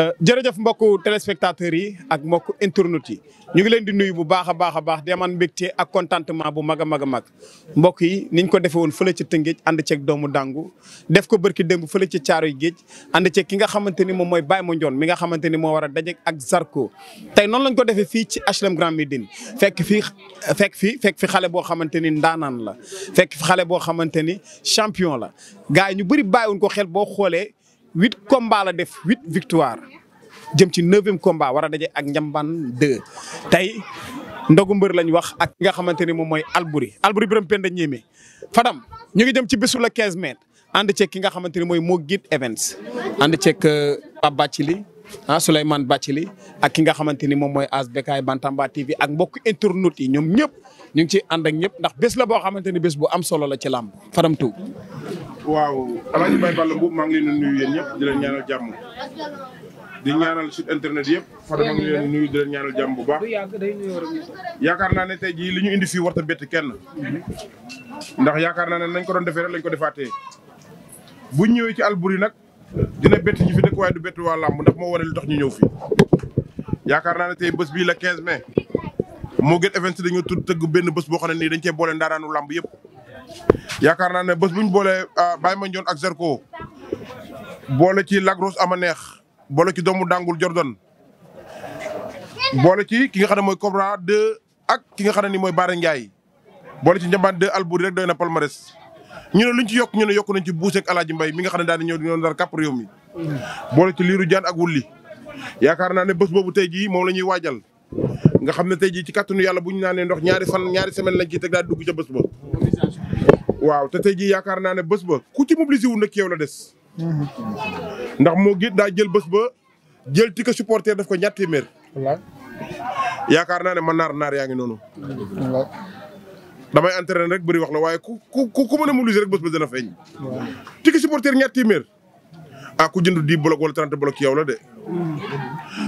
Euh, jërëjëf mbokku téléspectateurs yi ak mbokk internautes yi ñu ngi leen di nuyu bu baax a baax a baax di amaan ak contentement bu mag a mag a mag mbokk yi niñ ko defee woon fële ca Tëngéej ànd ceeg doomu dàngu def ko bërki démb fële ca Caaroy Géej ànd ceeg ki nga xamante ni moom mooy Baye Mandione mi nga xamante ni moo war a ak Zarko te noonu lañ ko defee fii ci HLM Grand Médine fekk fii fekk fi fekk fi xale boo xamante ni ndaanaan la fekk fi xale boo xamante ni champion la gars yi ñu bëri bàyyiwuñ ko xel boo xoolee huit combats la def huit victoire jëm ci neuvième komba war a daje ak Njambaan 2 tey ndogu mbër lañ wax ak ki nga xamante ni moom mooy Alboury Alboury Birame Penda Ndiémé Fadam ñu ngi jëm ci bésu la quinze mai ànd ceeg ki nga xamante ni mooy moo Guide Events ànd ceeg euh, Pape Bathily ah Souleymane Bathily ak ki nga xamante ni moom mooy as bekaay Bantamba TV ak mbokk internautes yi ñoom ñëpp ñu ngi ci ànd ak ñëpp ndax bés la boo xamante ni bés bu am solo la ci làmb Fadam Tou waaw alaaji Baye Balla Mbuub maa ngi leen di nuyu yéen ñëpp di leen ñaanal jàmm di ñaanal site internet yëpp Fadam maa ngi leen nuyu di leen ñaanal jàmm bu baax yaakaar naa ne tey jii li ñu indi fii warta bett kenn ndax yaakaar naa ne nañ ko doon defee rek lañ ko defaatee bu ñëwee ci Alboury nag dina bett ñi fi dëkk waaye du bett waa làmb ndax moo wane lu tax ñu ñëw fi yaakaar naa ne tey bés bii la 15 mais moo gën event si dañoo tudd tëgg benn bés boo xam ne nii dañ cee boole ndaaraanu làmb yëpp yaakaar na ne bés bu ñu boolee ah, Baye Mandione ak Zerko boole ci Lagros ama neex boole ci doomu dàngul Jordan boole ci ki nga xam ne mooy Cobra 2 ak ki nga xam ne ni mooy Baara Ndiaye boole ci njambaan 2 Albouri rek doy na palmarès ñu ne luñ ci yokk ñu ne yokk nañ ci buuseeg Alaaji Mbay mi nga xam ne daan ñëw di doon dar kàpp boole ci liiru jaan ak wulli yaakaar naa ne bés boobu tey jii moom la ñuy waajal nga xam ne tey jii ci kàttanu yàlla bu ñu naanee ndox ñaari fan ñaari semaine lañ ciy teg daal dugg ca bés waaw te tey jii yaakaar naa ne bés ba ku ci mobilisé wu nag yow la des. ndax moo gi daa jël bés ba jël ticket supporter def ko ñaar téeméer. yaakaar naa ne man naar naar yaa ngi noonu. damay entraîné rek bëri wax la waaye ku ku ku mën a mobiliser rek bés ba dana feeñ. ticket supporter ñaar téeméer ah ku jënd di bloc wala 30 bloc yow la de.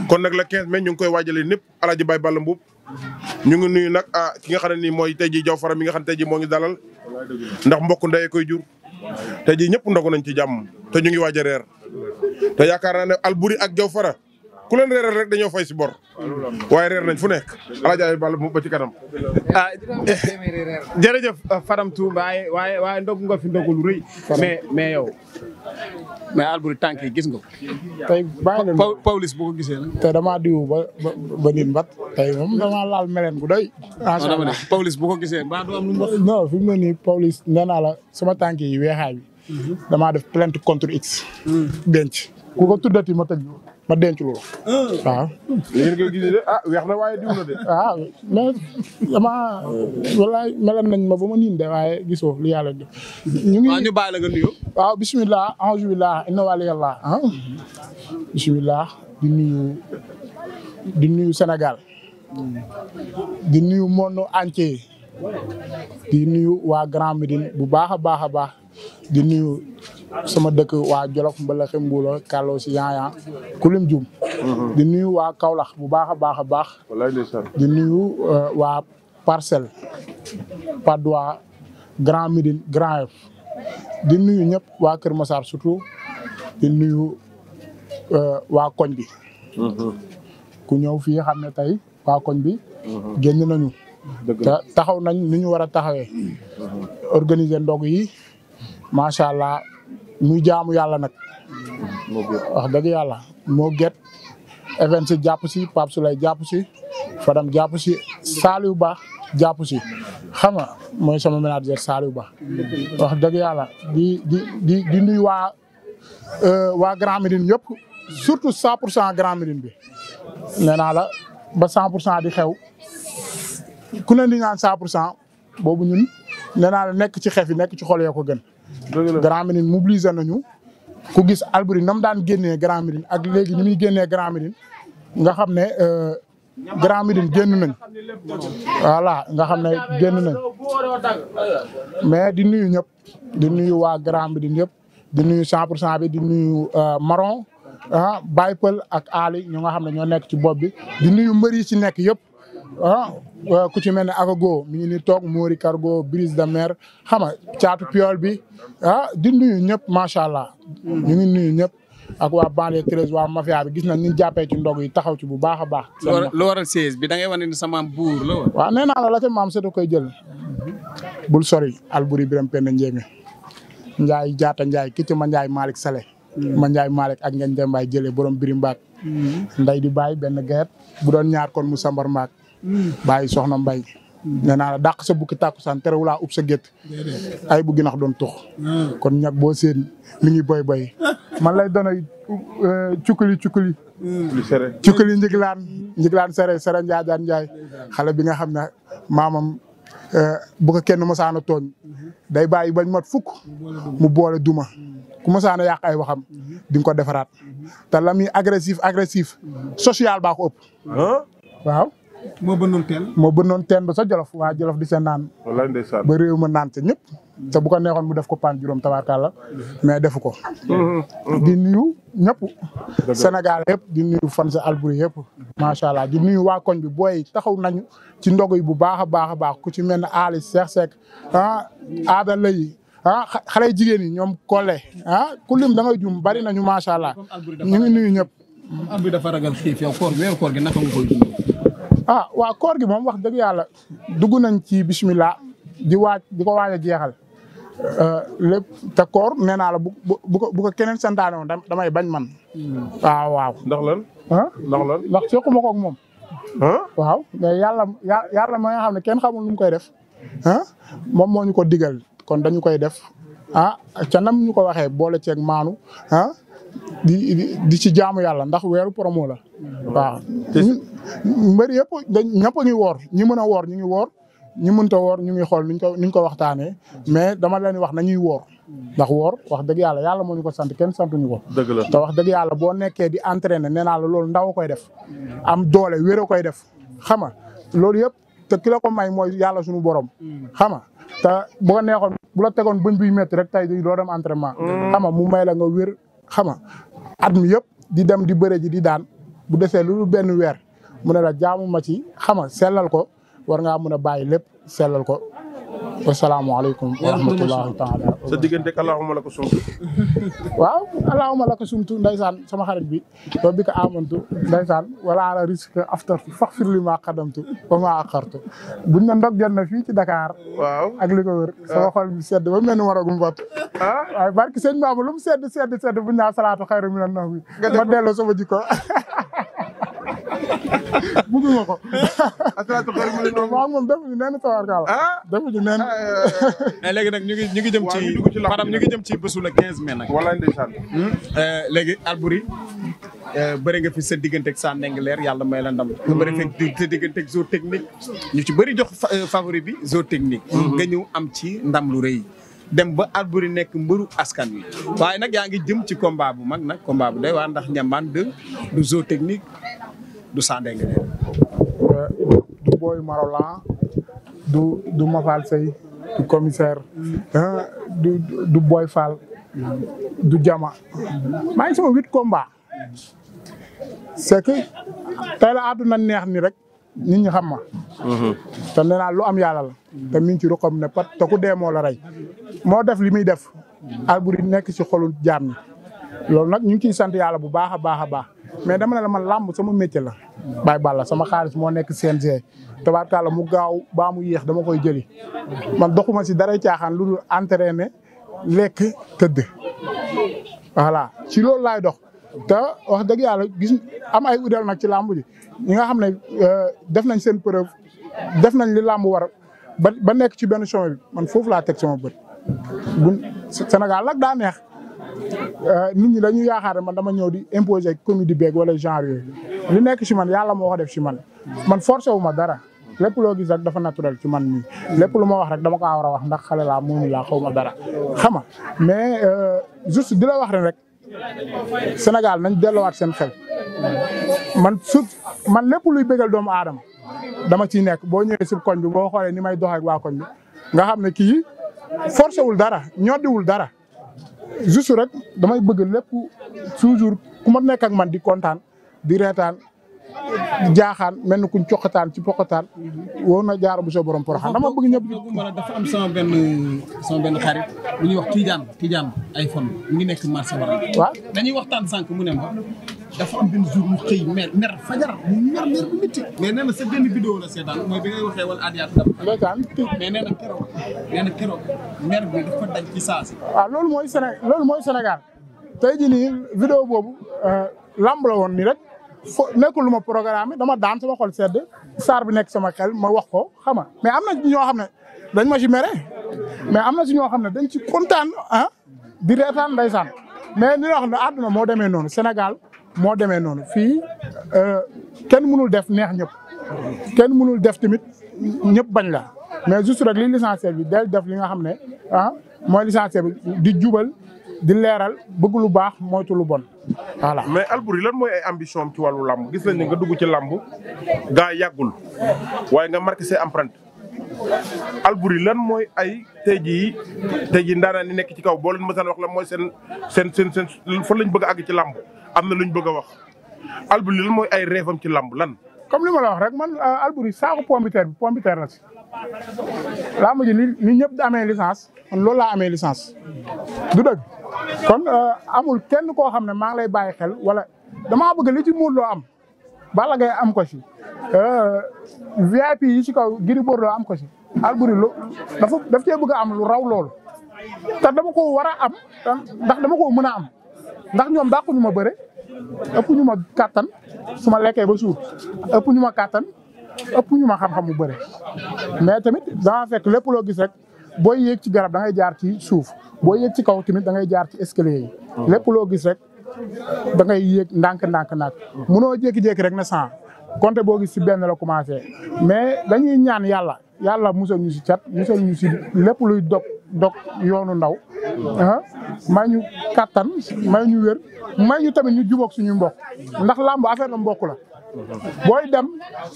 kon nag la 15 mai ñu ngi koy waajalee ñëpp El Hadj Baye bala Mboup ñu ngi nuyu nag ah ki nga xam ne nii mooy tey jii Diaw Fara mi nga xam ne tey jii moo ngi dalal ndax mbokk ndey koy jur. tey jii ñëpp ndogu nañ ci jàmm te ñu ngi waaj a reer te yaakaar naa ne Alboury ak Diaw Fara ku leen reeral rek dañoo fay si bor waaye reer nañ fu nekk alaaji bal mu ba ci kanam ah jërëjëf euh, Fadam waaye waaye waaye ndog nga fi ndogul rëy mais mais yow mais Alboury tànk gis nga ko tey bàyyi nañ Pawlish bu gisee nag te damaa diw ba ba nit mbat tey moom damaa laal meleen gu doy dama ko gisee mbaa du am lu fi mu ne nii Pawlish nee naa sama tànk yi weexaay bi mhm. damaa def plainte contre x mhm. denc ku ko tuddati ma tëj ma denc loolu. Ah. waaw. léegi nga ah, weex na waaye diw na de. ah mais damaa. walaay meloon nañ ma ba ma niin de waaye gisoo li yàlla def. ñu ngi ah, ñu bàyyi nga nuyu. waaw bisimilah auzu billah inna wali yàlla ah. di nuyu di nuyu Sénégal. di nuyu monde entier. di nuyu waa Grand Médine bu baax a baax a baax di nuyu. sama dëkk waa Jolof Mbalaxe Mbuula Kàlloo si Yaya Kulim Dioum mhm. di nuyu waa Kaolack bu baax a baax a baax di nuyu euh, waa Parcelles Patte d'Oie Grand Médine Grand Yoff di nuyu ñëpp waa Kër Massar surtout di nuyu euh, waa koñ bi mhm. ku ñëw fii xam ne tey waa koñ bi mhm. génn nañu taxaw nañ nu ñu war a taxawee organiser ndog yi macha allah muy jaamu yàlla nag. wax dëgg yàlla moo get even si jàpp si Pape Souley jàpp si Fadam jàpp si Saliou Ba jàpp si xam nga mooy sama manager Saliou Ba wax dagg yàlla di di di di nuyu waa euh, waa Grand Médine yëpp surtout 100 Grand Médine bi nee naa la ba 100 pour cent di xew ku ne di naan 100 pour cent boobu ñun nee naa la nekk ci xef yi nekk ci xol yoo ko gën. Grand Médine mobilisé nañu ku gis Alboury nam daan génnee Grand Médine ak léegi ni muy génnee Grand Médine nga xam ne euh, Grand Médine génn nañ voilà nga xam ne génn nañ mais di nuyu ñëpp di nuyu waa Grand Médine yëpp di nuyu 100 pour cent bi di nuyu euh, Maron ah Baye Pël ak Ali ñu nga xam ne ñoo nekk ci bopp bi di nuyu mbari yi ci nekk yëpp. ah ku ci mel ne Agogo mi ngi ni toog Mori Cargo brise de mer xam nga caatu piol bi ah di nuyu ñëpp macha allah. ñu ngi nuyu ñëpp ak waa banlieue treize waa mafia bi gis nañ ñu jàppee ci ndog yi taxaw ci bu baax a baax. lu bi da ngay wane ni sama buur la waaw nee maam seetlu koy jël. bul sori Alboury Birame Penda Ndiémé Ndiaye jaata Ndiaye kicc ma Ndiaye Malick Saleh. ma Ndiaye Malick ak ngeen dem baay jëlee borom birim baak mm-hmm. nday di bàyyi benn gerte bu doon ñaar kon mu sambar maak bàyyi soxna mbay nee naa la dàq sa bukki tàkkusaan terewulaa ub sa gétt ay bu ginax doon tux ah. kon ñag boo seen mi boy boy man lay doon ay euh, cukkali cukkali hmm. cukkali njiglaan njiglaan sere sere njaajaan njaay xale bi nga xam ne maamam euh, bu ko kenn masaana tooñ day bàyyi bañ mat fukk mu boole duma ku masaana yàq ay waxam di ko defaraat te la muy agressif agressif hmm. social baa ko ëpp ah. waaw moo bënnoon teen moo bënnoon teen ba sa jolof waa jolof di sa naan ba réew ma naan ca ñëpp te bu ko neexoon mu def ko paan juróom tabaarkàlla mais defu ko mm-hmm. di nuyu ñëpp Sénégal yëpp di nuyu fan sa Alboury yëpp macha allah di nuyu waa koñ bi booy taxaw nañu ci ndogu yi bu baax a baax a baax ku ci mel ne Ali Cheikh Seck ah aada ah, xale jigéen yi ñoom Kole ah ku lim da ngay bari nañu macha allah ñu ngi ñëpp Alboury dafa a ah, waaw koor gi moom wax dëgg yàlla dugg nañ ci bismillah di waaj di ko waaj a jeexal euh, lépp te koor nee naa la bu bu ko bu ko keneen santaane woon damay bañ man. waaw ah, waaw. ndax lan. ndax lan ndax sequma koog waaw mais yàlla yàlla ma nga xam ne kenn xamul nu mu koy def. moom moo ñu ko digal kon dañu koy def ah ca nam ñu ko waxee boole ceeg maanu a di di ci jaamu yàlla ndax weeru promo la. waa mbër yëpp dañ ñëpp a ngi woor ñi mën a woor ñu ngi woor ñi mënta woor ñu ngi xool nuñ ko nuñ ko waxtaanee mais dama leen wax na nañuy woor. ndax woor wax dëgg yàlla yàlla moo ñu ko sant kenn santu ñu ko. dëgg la te wax dëgg yàlla boo nekkee di entraîner nee naa la loolu ndaw koy def. am doole wéer koy def xam nga loolu yëpp te ki ko may mooy yàlla suñu borom. xam nga te bu ko neexoon bu la tegoon bëñ buy métti rek tey doo dem entraînement. Mm. xam nga mu may la nga wér. xam nga at mi yëpp di dem di bëre ji di daan bu desee lu benn weer mu ne la jaamu ma ci xam sellal ko war ngaa mën a bàyyi lépp sellal ko wasalaamualeykum wa rahmatullahi taala sa diggante ak allahuma laka sumtu waaw allahuma laka sumtu ndaysaan sama xarit bi ba bi ko amantu ndaysaan wala ala risque aftartu faxfir li maa xadamtu ba maa axartu buñ na ndog jot na fii ci Dakar waaw ak li ko wër sama xol bi sedd ba mel ni waragum bott ah waaye barki sëñ Maama lu mu sedd sedd sedd buñ naa salaatu xayru mi na nax bi ma delloo sama jikko bëgguma ko. asalaatu xar mu ne noonu waaw moom defuñu nee na tabarkaala. ah defuñu nee ah, eh, na. Eh, eh. léegi nag ñu ngi ñu ngi jëm ci maanaam ñu ngi jëm ci bésu la quinze mai nag. wala ndeysaan. Hmm? léegi Alboury bëri nga fi sa diggante ak Sa Ndingler yàlla may la ndam. nga bëri fekk sa diggante ak Joe Technique. ñu ci bëri jox favori bi Joe Technique. Hmm. nga ñëw am ci ndam lu rëy. dem ba Alboury nekk mbëru askan wi waaye nag yaa ngi jëm ci combat bu mag nag combat bu doy waar ndax Ndiambane de du Joe Technique du Sandé Nguéniène du Boy Marola du du Mafal Sey du commissaire du du Boy Fall du Jama maa ngi sama huit combat c'est que tey la àdduna neex ni rek ni ñi xam ma te nee lu am yàlla la te mi ngi ci ruqam ne pat te ku dee moo la rey moo def li muy def Alboury nekk ci xolu jaam ñi loolu nag ñu ngi ciy sant yàlla bu baax a baax a baax mais dama man làmb sama métier la. Baye Balla sama xaalis moo nekk CNG tabaarkalla mu gaaw baa mu yéex dama koy jëli man doxuma si dara caaxaan lu dul entraîner lekk tëdd. voilà ci loolu laay dox te wax dëgg yàlla gis am ay udal nag ci làmb ji ñi nga xam ne euh, def nañ seen preuve def nañ li làmb war ba ba nekk ci benn chemin bi man foofu laa teg sama bët bu Sénégal nag daa neex. Euh, nit ñi dañu yaakaar man dama ñëw di imposer comédie beeg wala genre yooyu li nekk si man yàlla moo ko def si man man forcé wu ma dara lépp loo gis rek dafa naturel ci man mii lépp lu ma wax rek dama kaa war a wax ndax xale laa moomu laa xaw ma dara xama mais euh, juste di la wax rek Sénégal nañ delluwaat seen xel man su man lépp luy bégal doomu aadama dama ciy nekk boo ñëwee si koñ bi boo xoolee ni may doxee ak koñ bi nga xam ne kii forcé wul dara ñoddiwul dara juste rek damay bëgg lépp toujours ku ma nekk ak man di kontaan di jaaxaan mel ni kuñ coqataan ci poqataan woo na jaar bu soo borom poroxaan dama bëgg ñëpp dafa am sama benn sama benn xarit bu ñuy wax Tidiane Tidiane iPhone mu ngi nekk marché waral waaw dañuy waxtaan sànq mu ne ma dafa am benn jour mu xëy mer fajar mu mer mer bu métti mais nee na sa benn vidéo la seetaan mooy bi ngay waxee wala adiyaat daan mais nee na keroog nee na keroog dafa dañ ci saasi waaw loolu mooy Sénégal te mooy Sénégal tey boobu euh, lamb la woon nii rek fo nekkul lu ma programme dama daan sama xol sedd saar bi nekk sama xel ma wax ko xam mais am na ñoo xam ne dañ ma ci mere mais am na si ñoo xam ne dañ ci kontaan ah di reetaan ndeysaan mais ni nga xam ne àdduna moo demee noonu Sénégal moo demee noonu fii euh, kenn mënul def neex ñëpp kenn mënul def tamit ñëpp bañ la mais juste rek li licencié bi del def li nga xam ne ah mooy licencié bi di jubal di leeral bëgg lu baax moytu lu bon mais Alboury lan mooy ay ambition ci wàllu làmb gis nañ ne nga dugg ci làmb gaa yàggul waaye nga marqué ses empreintes Alboury lan mooy ay tey jii tey jii nekk ci kaw boo ma mësaan wax lan mooy seen seen seen seen fan lañ bëgg a àgg ci làmb am na luñ bëgg a wax Alboury lan mooy ay rêve ci làmb lan. comme li ma la wax rek man euh, Albouri saako pompiteer bi pompiteer la si. laa mujj li li ñëpp amee licence man loolu laa amee licence. du dëgg kon euh, amul kenn koo xam ne maa ngi lay bàyyi xel wala damaa bëgg li ci muur loo am. Balla Gaye am ko si euh, VIP yi si kaw Gris Bordeaux am ko si Albouri loo dafa daf cee bëgg a am lu raw lool te dama ko war a am ndax dama ko mën a am ndax ñoom dàquñu ma bëre. ëpp ñu ma kàttan su ma lekkee ba suuf ëpp ñu ma kàttan ëpp ñu ma xam-xam bëri mais tamit daa fekk lépp loo gis rek booy yéeg ci garab da jaar ci suuf boo yéeg ci kaw tamit da ngay jaar ci escalier yi. lépp loo gis rek da ngay yéeg ndànk ndànk ndànk. munoo jékki-jékki rek na sant compter boo gis si benn la commencé mais dañuy ñaan yàlla. yàlla musal ñu si cat musal ñu si lépp luy dog dog yoonu ndaw ah may ñu kàttan may ñu wér may ñu tamit ñu jubóog suñu mbokk ndax làmb affaire na mbokk la booy dem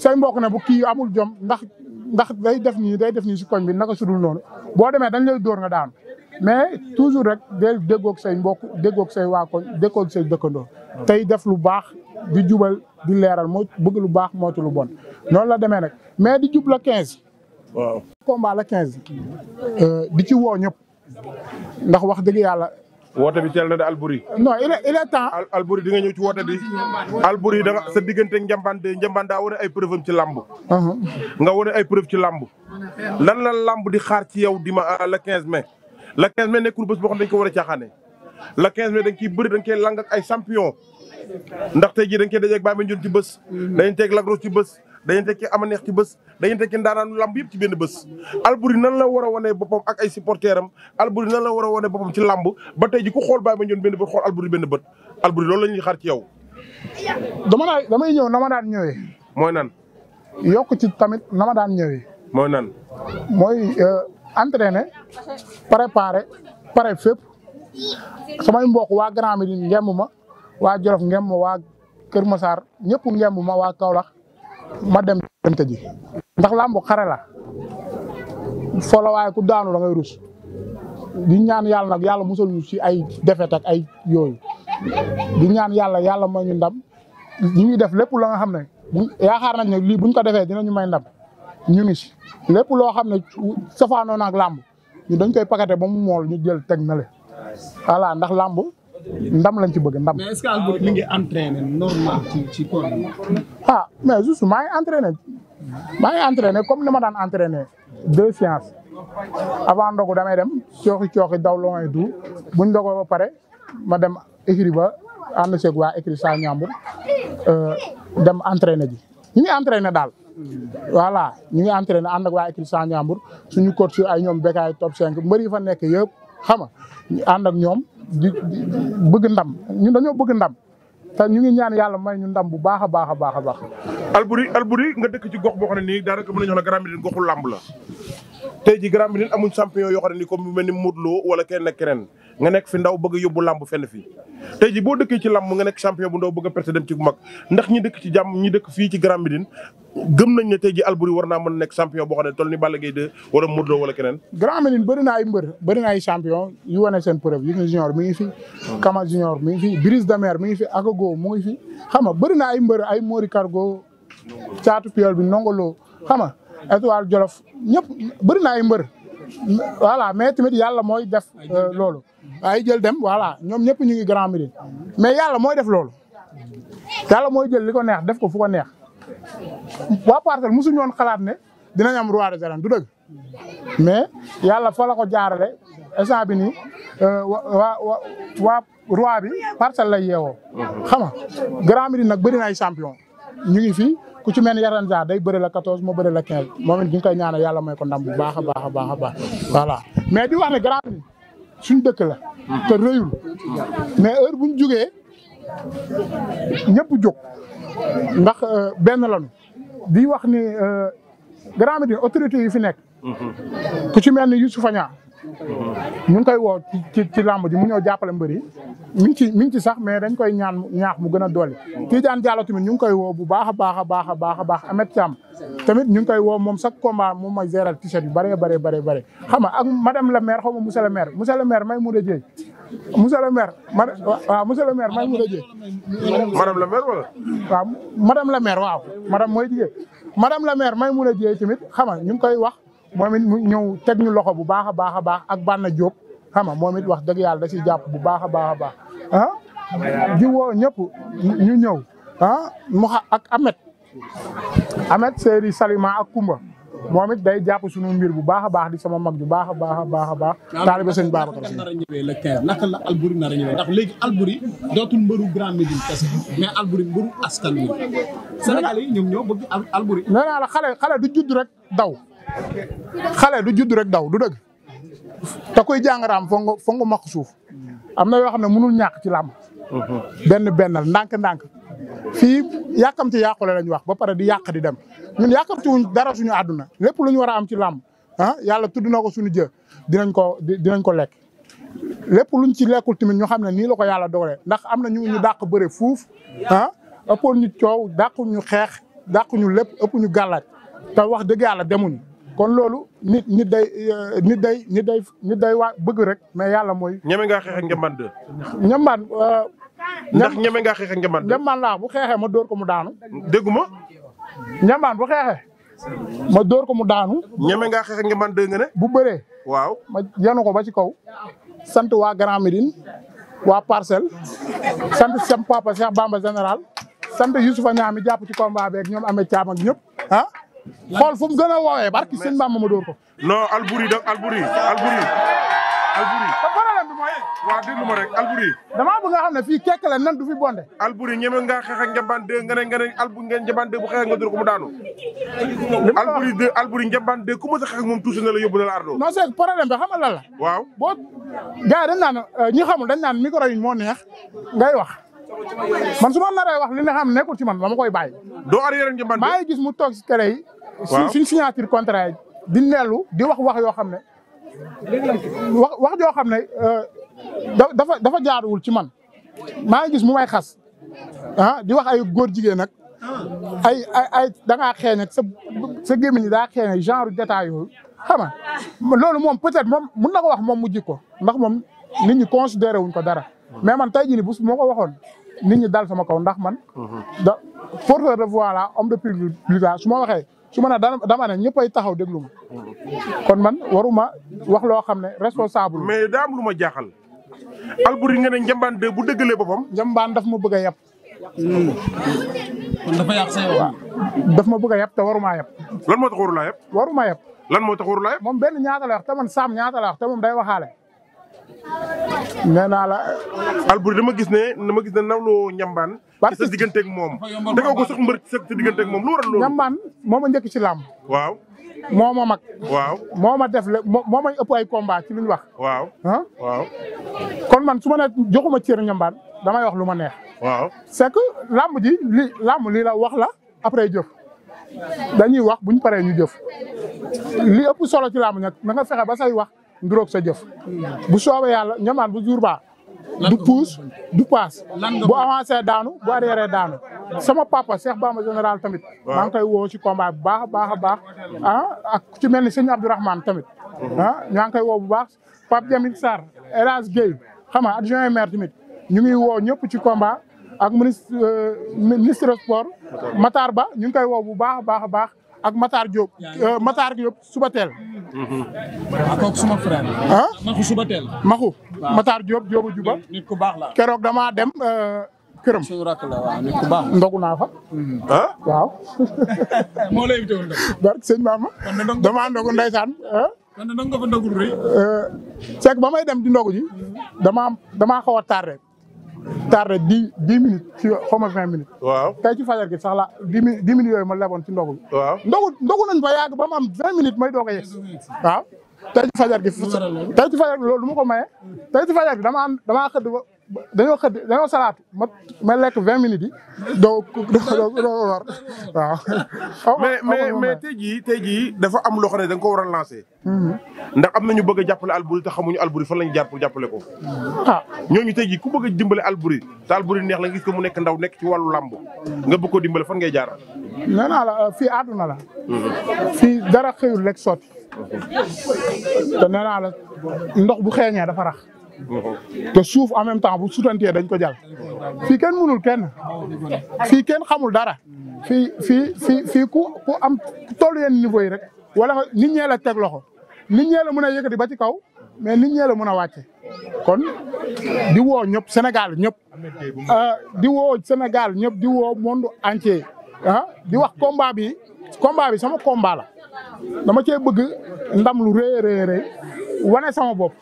say mbokk na bu kii amul jom ndax ndax day def nii day def nii si koñ bi naka sudul noonu boo demee dañ lay door na daan mais toujours rek day déggoog say mbokk déggoog say waa koñ déggoog say dëkkandoo tey def lu baax di jubal di leeral moo bëgg lu baax moytu lu bon noonu la demee nag mais di jub la waaw combat la quinze. Euh, di ci woo ñëpp. ndax wax dëgg yàlla. woote bi teel na de Albouri. non il est il est temps. Albouri di nga ñëw ci woote bi. Albouri da nga sa diggante njambaan de njambaan daa wane ay preuve ci làmb. Uh-huh. nga wane ay preuve ci làmb. lan la làmb di xaar ci yow dima ah, la quinze mai. la quinze mai nekkul bës boo xam dañ ko war a caaxaane. la quinze mai da nga ciy bëri da nga lang ay champion. ndax te jii da nga koy dajeeg Baye Mandione ci bés. dañ teg Lac Rose ci bës dañuy tekki ama neex ci bés dañuy tekki ndaanaanu lamb yëpp ci benn bés Albouri nan la war a wanee boppam ak ay supporteram Albouri nan la war a wane boppam ci lamb ba tey ji ku xool Baye Mandione benn bët xool Albouri benn bët Albouri loolu la ñuy xaar ci yow dama naa damay ñëw na ma daan ñëwee mooy nan yokk ci tamit na ma daan ñëwee mooy nan mooy euh, entraîner préparer pare fépp samay mbokk waa Grand Médine ngemb ma waa Jolof ngemb ma waa Kër mosaar ñëpp ngemb ma waa Kaolack ma dem dante ji ndax làmbu xare la folo waaye ku daanu da ngay rus di ñaan yàlla nag yàlla musal ñu ci ay defet ak ay yooyu di ñaan yàlla yàlla ma ñu ndam ñu ngi def lépp la nga xam ne yaakaar nañ ne lii buñ ko defee dinañu may ndam ñu ngi lépp loo xam ne safaanoo naag làmb ñu dañ koy pakate ba mu mool ñu jël teg na le voilà ndax làmb ndam lañ ci bëgg ndam. mais est-ce que Alboury mi ngi entraîné normal ci ci koor yi. ah mais juste maa ngi entraîné maa comme ni ma daan entraîné deux séances avant ndogu damay dem cooxi cooxi daw loo may du buñ ndogoo ba pare ma dem écrit ba ànd waa écrit saa ñambur euh, dem entraîné ji ñu ngi entraîné daal. voilà ñu ngi entraîné ànd ak waa écrit saa ñambur suñu coach ay ñoom Bekay top 5 mbër yi fa nekk yëpp. xam nga ñu ànd ak ñoom di bëgg ndam ñun dañoo bëgg ndam te ñu ngi ñaan yàlla may ñu ndam bu baax a baax a baax a baax. Albouri Albouri nga dëkk ci gox boo xam ne nii daanaka mën nañu wax ne Grand Médine goxu làmb la tey ji Grand Médine amuñ champion yoo xam ne nii comme bu mel ni Modou wala kenn ak keneen nga nekk fi ndaw bëgg a yóbbu làmb fenn fii. tey ji boo dëkkee ci làmb nga nekk champion bu ndaw bëgg a perte ci bu ndax ñi dëkk ci jàmm ñi dëkk fii ci Grand Médine gëm nañ ne tey ji Alboury war naa mën nekk champion boo xam ne toll ni Balla Gaye 2 wala Modou Lo wala keneen Grand Médine bëri ay mbër bëri ay champion yu wane seen preuve Yékini Junior mi ngi fi Kama Junior mi ngi fi Brise de Mer mi fi Agogo mu ngi fi xam nga bëri na ay mbër ay Mori Cargo caatu piol bi nongoloo xam nga étoile Jolof ñëpp bëri na ay mbër voilà mais tamit yàlla mooy def euh, loolu ay jël dem wala ñoom ñëpp ñu ngi Grand Médine mais yàlla mooy def loolu yàlla mooy jël li ko fu neex waa parcelle mosu ñoon xalaat ne dinañ am roi des du dëgg mais yàlla fa la ko jaarale instant bi nii euh, waa waa roi bi parcelle lay yeewoo. xam nga Grand Médine nag bëri na ay champion ñu ngi fi ku ci mel ni Yatane Dia day bëri la 14 moo bëri la 15 moom it ñu koy ñaanal yàlla may ko ndam bu baax a baax a baax baax voilà mais di wax Grand Médine suñu dëkk la. te rëyul mais heure bu ñu jugee ñëpp ndax euh, benn lanu di wax ni euh, Grand Médine autorité yi fi nekk. ku ci mel ni Youssoupha Niang ñu ngi koy woo ci ci làmb ji mu ñëw jàppale mbër yi mi ngi sax mais dañ koy ñaan ñaax mu gën a dolli. Tidiane Diallo tamit ñu ngi koy woo bu baax a baax a baax a baax a baax Ahmed Thiam tamit ñu ngi koy woo moom sax combat moom mooy géral t-shirt yu bëree bare bëri. xam nga ak madame la maire xaw ma monsieur le maire monsieur le may mu a jéey monsieur le maire ma waaw monsieur le maire may mu dajee madame la maire wala waaw la maire waaw madame mooy jigéen madame la maire may mu dajee tamit xam nga ñu ngi koy wax moom it mu ñëw teg ñu loxo bu baax a baax a baax ak Banna Diop xam nga moom it wax dëgg yàlla da ciy jàpp bu baax a baax a baax ah di woo ñëpp ñu ñëw ah mu ak Amet Amet Seyri Salima ak Kumba moom it day jàpp suñu mbir bu baax a baax di sama mag bu baax a baax a baax a baax taalibe sëñ Babacar Si a ñëwee le quinze naka la Alboury nar a ñëwee ndax léegi Alboury dootul mbëru Grand Médine kese mais Alboury mbëru askan wi Sénégal yi ñoom ñoo bëgg Alboury nee naa la xale xale du judd rek daw xale du judd rek daw du dëgg te kuy jàngaraam foo nga foo nga suuf am na yoo xam ne mënul ñàkk ci làmb mhm. benn bennal ndànk-ndànk fii yàkkamti yàqule lañ wax ba pare di yàq di dem ñun yàkkamti wuñ dara suñu àdduna lépp lu ñu war a am ci làmb ah yàlla tuddu na ko suñu jë dinañ ko dinañ ko lekk. lépp luñ ci lekkul tamit ñu xam ne nii la ko yàlla doole ndax am na ñu ñu dàq bëre fuuf ah ëppoon ñu coow dàqu ñu xeex dàqu ñu lépp ëpp ñu gàllaaj te wax dëgg yàlla demuñu. kon loolu nit nit day eh, nit day nit day nit day waa bëgg rek mais yàlla mooy. ñeme nga xeex ak Ndiambane 2. Ndiambane euh, ndax ñeme nga xeex ak njambaan njambaan bu xeexee ma dóor ko mu daanu dégguma njambaan bu xeexee dóor ko mu daanu ñeme nga xeex ak njambaan dégg bu bëree waaw ma yanu ko ba ci kaw sant waa Grand Médine waa Parcelles sant sam papa a Bamba général sant Youssoufa ñaami jàpp ci combat bi ak ñoom amee caam ak ñëpp ah xool fu gën a woowee barki sëñ Bamba ma dóor ko non Albouri da Albouri Albouri waaw déglu ma rek Alboury damaa bëgg nga xam ne fii kekk la nan du fi bonde Alboury ñeme nga xeex ak njabaan bu xeex nga dóor ko mu daanu Alboury deux Alboury njabaan deux sa xeex ak moom tuuti na la yóbbu na la ardo non c'est problème bi xam nga lan la waaw boo gars yi dañ naan euh, ñi xamul dañ naan micro moo neex ngay wax man su ma wax li nga xam nekkul ci man dama koy bàyyi doo arrière njabaan maa ngi gis mu toog si télé yi suñ signature contrat di nellu di wax wax yoo xam ne wax wax joo xam ne euh, dafa dafa jaaruwul ci man maa ngi gis mu may xas ah di wax ay góor jigéen nag ay ay ay da ngaa xeeñ ak sa sa daa xeeñ genre détail yooyu xam nga loolu moom peut-être moom mun na ko wax moom mu ji ko ndax moom nit ñi considéré wuñ ko dara mais man tey jii nii bés moo ko waxoon nit ñi daal sama kaw ndax man da porteur de voix la homme de publicité su ma waxee su ma ne dama taxaw déglu kon man waruma wax loo xam ne responsable mais daa am lu ma jaaxal Alboury nga ne njambaan bu dëggalee boppam. jambaan daf ma bëgg a yab. kon dafa yàq say wax. daf ma bëgg a yab te warumaa yab. lan moo tax warulaa yab. moom benn ñaata la te man saam ñaata la wax te moom day waxaale. nee naa la. Alboury dama gis ne dama gis ne nawloo njambaan. parce que sa digganteeg moom. da nga ko sax sa digganteeg moom lu waral loolu. njambaan moom a njëkk ci làmb. waaw. moo ma mag. waaw moo ma def le moo ma ëpp ay combat ci li ñu wax. waaw kon man su ma nee joxuma cër ñambaan damay wax lu ma neex. waaw c'est làmb ji li làmb lii la wax la après jëf. dañuy wax buñ paree ñu jëf li ëpp solo ci làmb nag nanga nga ba say wax nduróog sa jëf. bu soobee yàlla ñambaan bu jur baa du pousse du passe bu avancé daanu bu arrière daanu sama papa Cheikh Bamba général tamit maa ngi woo ci combat bu baax baax a baax ah ak ci mel ni sëñ Abdourahmane tamit mhm. ah ñaa ngi koy woo bu baax Pape Jamil Sarr Elhadj Gueye xam nga adjoint maire tamit ñu ngi woo ñëpp ci combat ak ministre euh, ministre sport Matar Ba ñu ngi koy woo bu baax baax baax ak Matar Diop euh, Matar Diop suba teel. Mm-hmm. kooku suma frère. ah Maxu suba teel. baax la keroog damaa dem. Euh, këram suñu naa fa. ah waaw. moo lay invité woon ndogu ndeysaan. kon euh, ba may dem di ndogu ji damaa damaa xaw a tardé. tardé dix dix minutes ci xaw ma vingt minutes. waaw tey ci fajar gi sax dix minutes yooyu ma leboon ci ndogu. waaw ndogu ndogu nañ ba yàgg ba mu am vingt minutes may doog a yegg waaw tey ci fajar gi. tey ci fajar loolu du ma ko maye. ci fajar gi dama am damaa xëdd dañoo xëdd dañoo salaatu ma ma lekk vingt minutes yi doo doo doo war waaw. mais mais mais tey jii tey jii dafa am loo xam ne da ko war a lancer. Mhm. ndax am na ñu bëgg a jàppale Alboury ta xamuñu Alboury fan lañ jaar pour jàppale ko. ah ñooñu tey jii ku bëgg a dimbale Alboury te Alboury neex la nga gis ko mu nekk ndaw nekk ci wàllu làmb nga bëgg dimbale fan ngay jaar. nee la euh, fii àdduna la. Mhm. fi dara xëyul rek sotti. Mhm. te nee la ndox bu xeeñee dafa rax. te suuf en même temps bu sutantee dañ ko jàll. fii kenn mënul kenn fii kenn xamul dara fi fii fii fii ku ku am toll yenn niveau yi rek wala nit ñee la teg loxo nit ñee mën a yëkkati ba ci kaw mais nit ñee la mën a wàcce kon di woo ñëpp Sénégal ñëpp euh, di woo Sénégal ñëpp di woo monde entier ah di wax combat bi combat bi sama combat la dama cee bëgg ndam lu rëy a wane sama bopp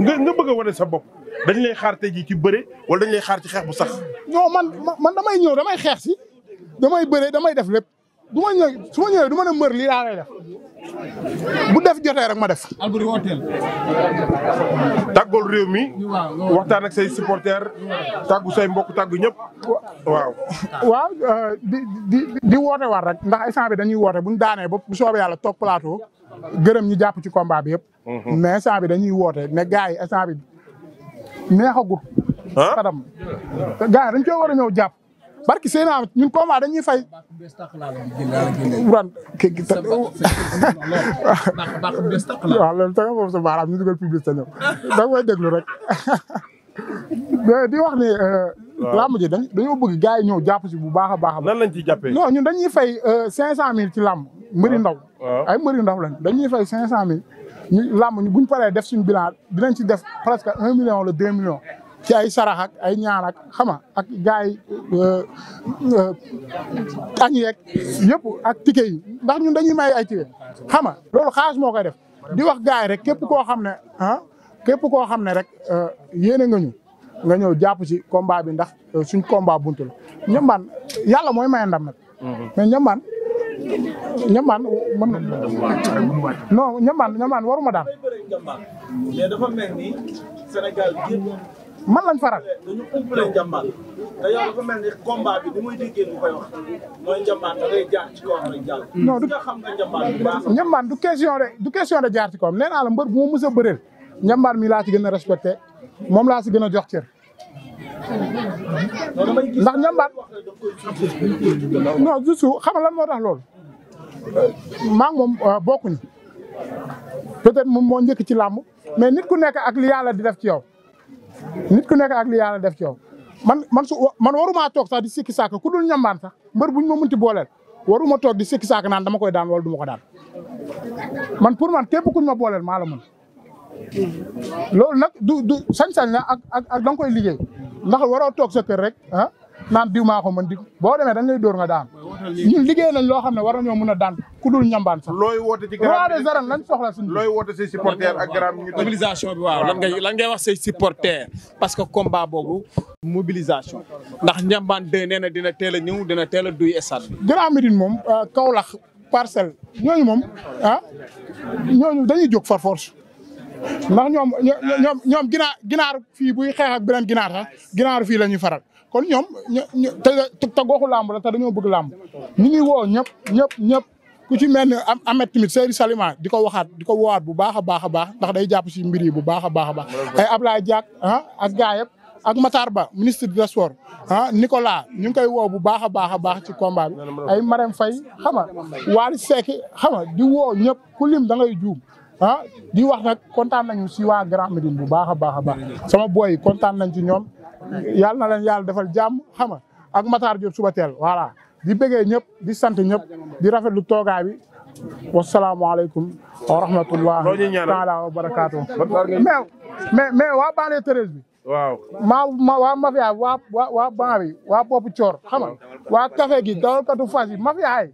nga nga bëgg a wane sa bopp dañ lay xaar te jii ci bëre wala dañ lay xaar ci xeex bu sax. non man man damay ñëw damay xeex si damay bëre damay def lépp du ma ñëw su ma ñëwee du ma ne mbër lii laa def bu def jotee rek ma def. Alboury wooteel. tàggool réew mi. waxtaan ak say supporters tàggu say mbokk tàggu ñëpp. waaw. waaw euh, di woote waat rek ndax instant dañuy woote bu ñu daanee bopp bu soobee yàlla toog plateau. gërëm ñi jàpp ci combat bi yëpp. Mhm. mais instant bi dañuy woote ne gars yi instant bi neexagut. dañ koy war a ñëw jàpp. barki seen am ñun combat dañuy fay. wan kii kii tam. waaw loolu tamit foofu sa baaraam ñu dugal ñëw da déglu rek. di wax ne. Euh, waaw làmb ji dañoo bëgg gars yi ñëw jàpp si bu baax a baax. lan lañ ciy jàppee non ñun dañuy fay euh, cinq cent mille ci làmb. mbëri ndaw ay mbëri ndaw lañ dañuy fay cinq cent mille ñu làmb ñu buñ paree def suñu bilan dinañ ci def presque un million wala deux millions ci ay sarax ay ñaan xama ak gars yi euh, euh, añ yeeg yëpp ak ticket yi ndax ñun dañuy may ay ticket xama loolu xaalis moo koy def di wax gars rek képp koo xam ne ah képp koo xam ne rek euh, yéene nga ñu nga ñëw jàpp si combat bi ndax suñ combat buntu la ñambaan yàlla mooy may ndam nag mm-hmm. mais ñambaan ñamaan man non ñamaan waruma daan man lañ faral dañu umpale njàmbaar te yow dafa mel du xam nga njàmbaar question de du question de jaar ci kawam nee la mbër bu ma mës a mi laa ci gën a respecté moom laa ci gën a jox ndax njàmbaar non juste xam lan moo tax loolu maa ngi moom euh, bokkuñu peut-être moo njëkk ci làmb mais nit ku nekk ak li di def ci yow nit ku nekk ak li yàlla def ci yow man man su man waruma toog sax di sikki saak ku dul njàmbaar sax mbër buñ ma munti booleel waruma toog di sikki saak naan dama koy daan wala du ma ko daan man pour man képp kuñ ma booleel maala la loolu nag du du sañ-sañ na ak ak da koy liggéey ndax waroo toog sa kër rek ah naan diw maa ko mën di boo demee dañ lay door nga daan ñun liggéey na loo xam ne war nañoo mën a daan ku dul ñambaan sax. looy woote ci grand roi des arènes lañ soxla suñu. looy woote say supporters ak grand mobilisation bi waaw lan ngay lan ngay wax say supporters parce que combat boobu. mobilisation ndax ñambaan de nee na dina teel a ñëw dina teel a duy stade bi. Grand Médine moom euh, Kaolack parcel ñooñu moom ah dañuy jóg par ndax ñoom ñoom ñoom ginaar ginaar fii buy xeex ak beneen ginaar sax ginaaru fii la faral kon ñoom ñu te te goxu làmb la te dañoo bëgg làmb ñu ngi woo ñëpp ñëpp ñëpp ku ci mel ni Amet tamit Seydou Salima di ko waxaat di ko woowaat bu baax a baax a baax ndax day jàpp si mbir bu baax a baax a baax ay Ablaye Diak ah ak gaa yëpp ak Matar Ba ministre des sports ah Nicolas ñu ngi koy woo bu baax a baax a baax ci combat bi ay Marème Faye xama Waly seeki xama di woo ñëpp ku lim da ngay juum ah di wax na kontaan nañu si waa Grand Médine bu baax a baax a baax sama boy kontaan nañ ci ñoom yàlla na leen yàlla defal jàmm xam nga ak Matar Diop suba teel voilà di bëggee ñëpp di sant ñëpp di rafetlu toogaay bi wasalaamaaleykum wa rahmatullah taala wa barakaatu mais mais waa banlieue treize bi waaw maa ma waa mafia waa waa waa waa boppu coor xam nga waa kafe gi dawalkatu fas yi mafia yi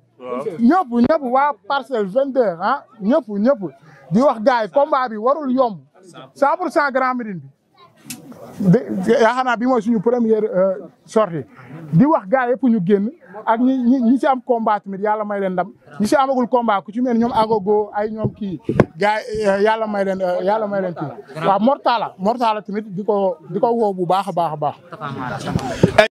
ñëpp ñëpp waa parcelle vingt deux ah ñëpp ñëpp di wax gars yi combat bi warul yomb 100 pour cent Grand Médine bi yaakaar naa bi mooy suñu première euh, sortie di wax gars yëpp ñu génn ak ñi ñi si am combat tamit yàlla may leen dam ñi si amagul combat ku ci mel ñoom agogo ay ñoom kii gars euh, yàlla may leen euh, yàlla may leen kii waaw Mortala Mortala tamit di ko di ko bu baax a baax a baax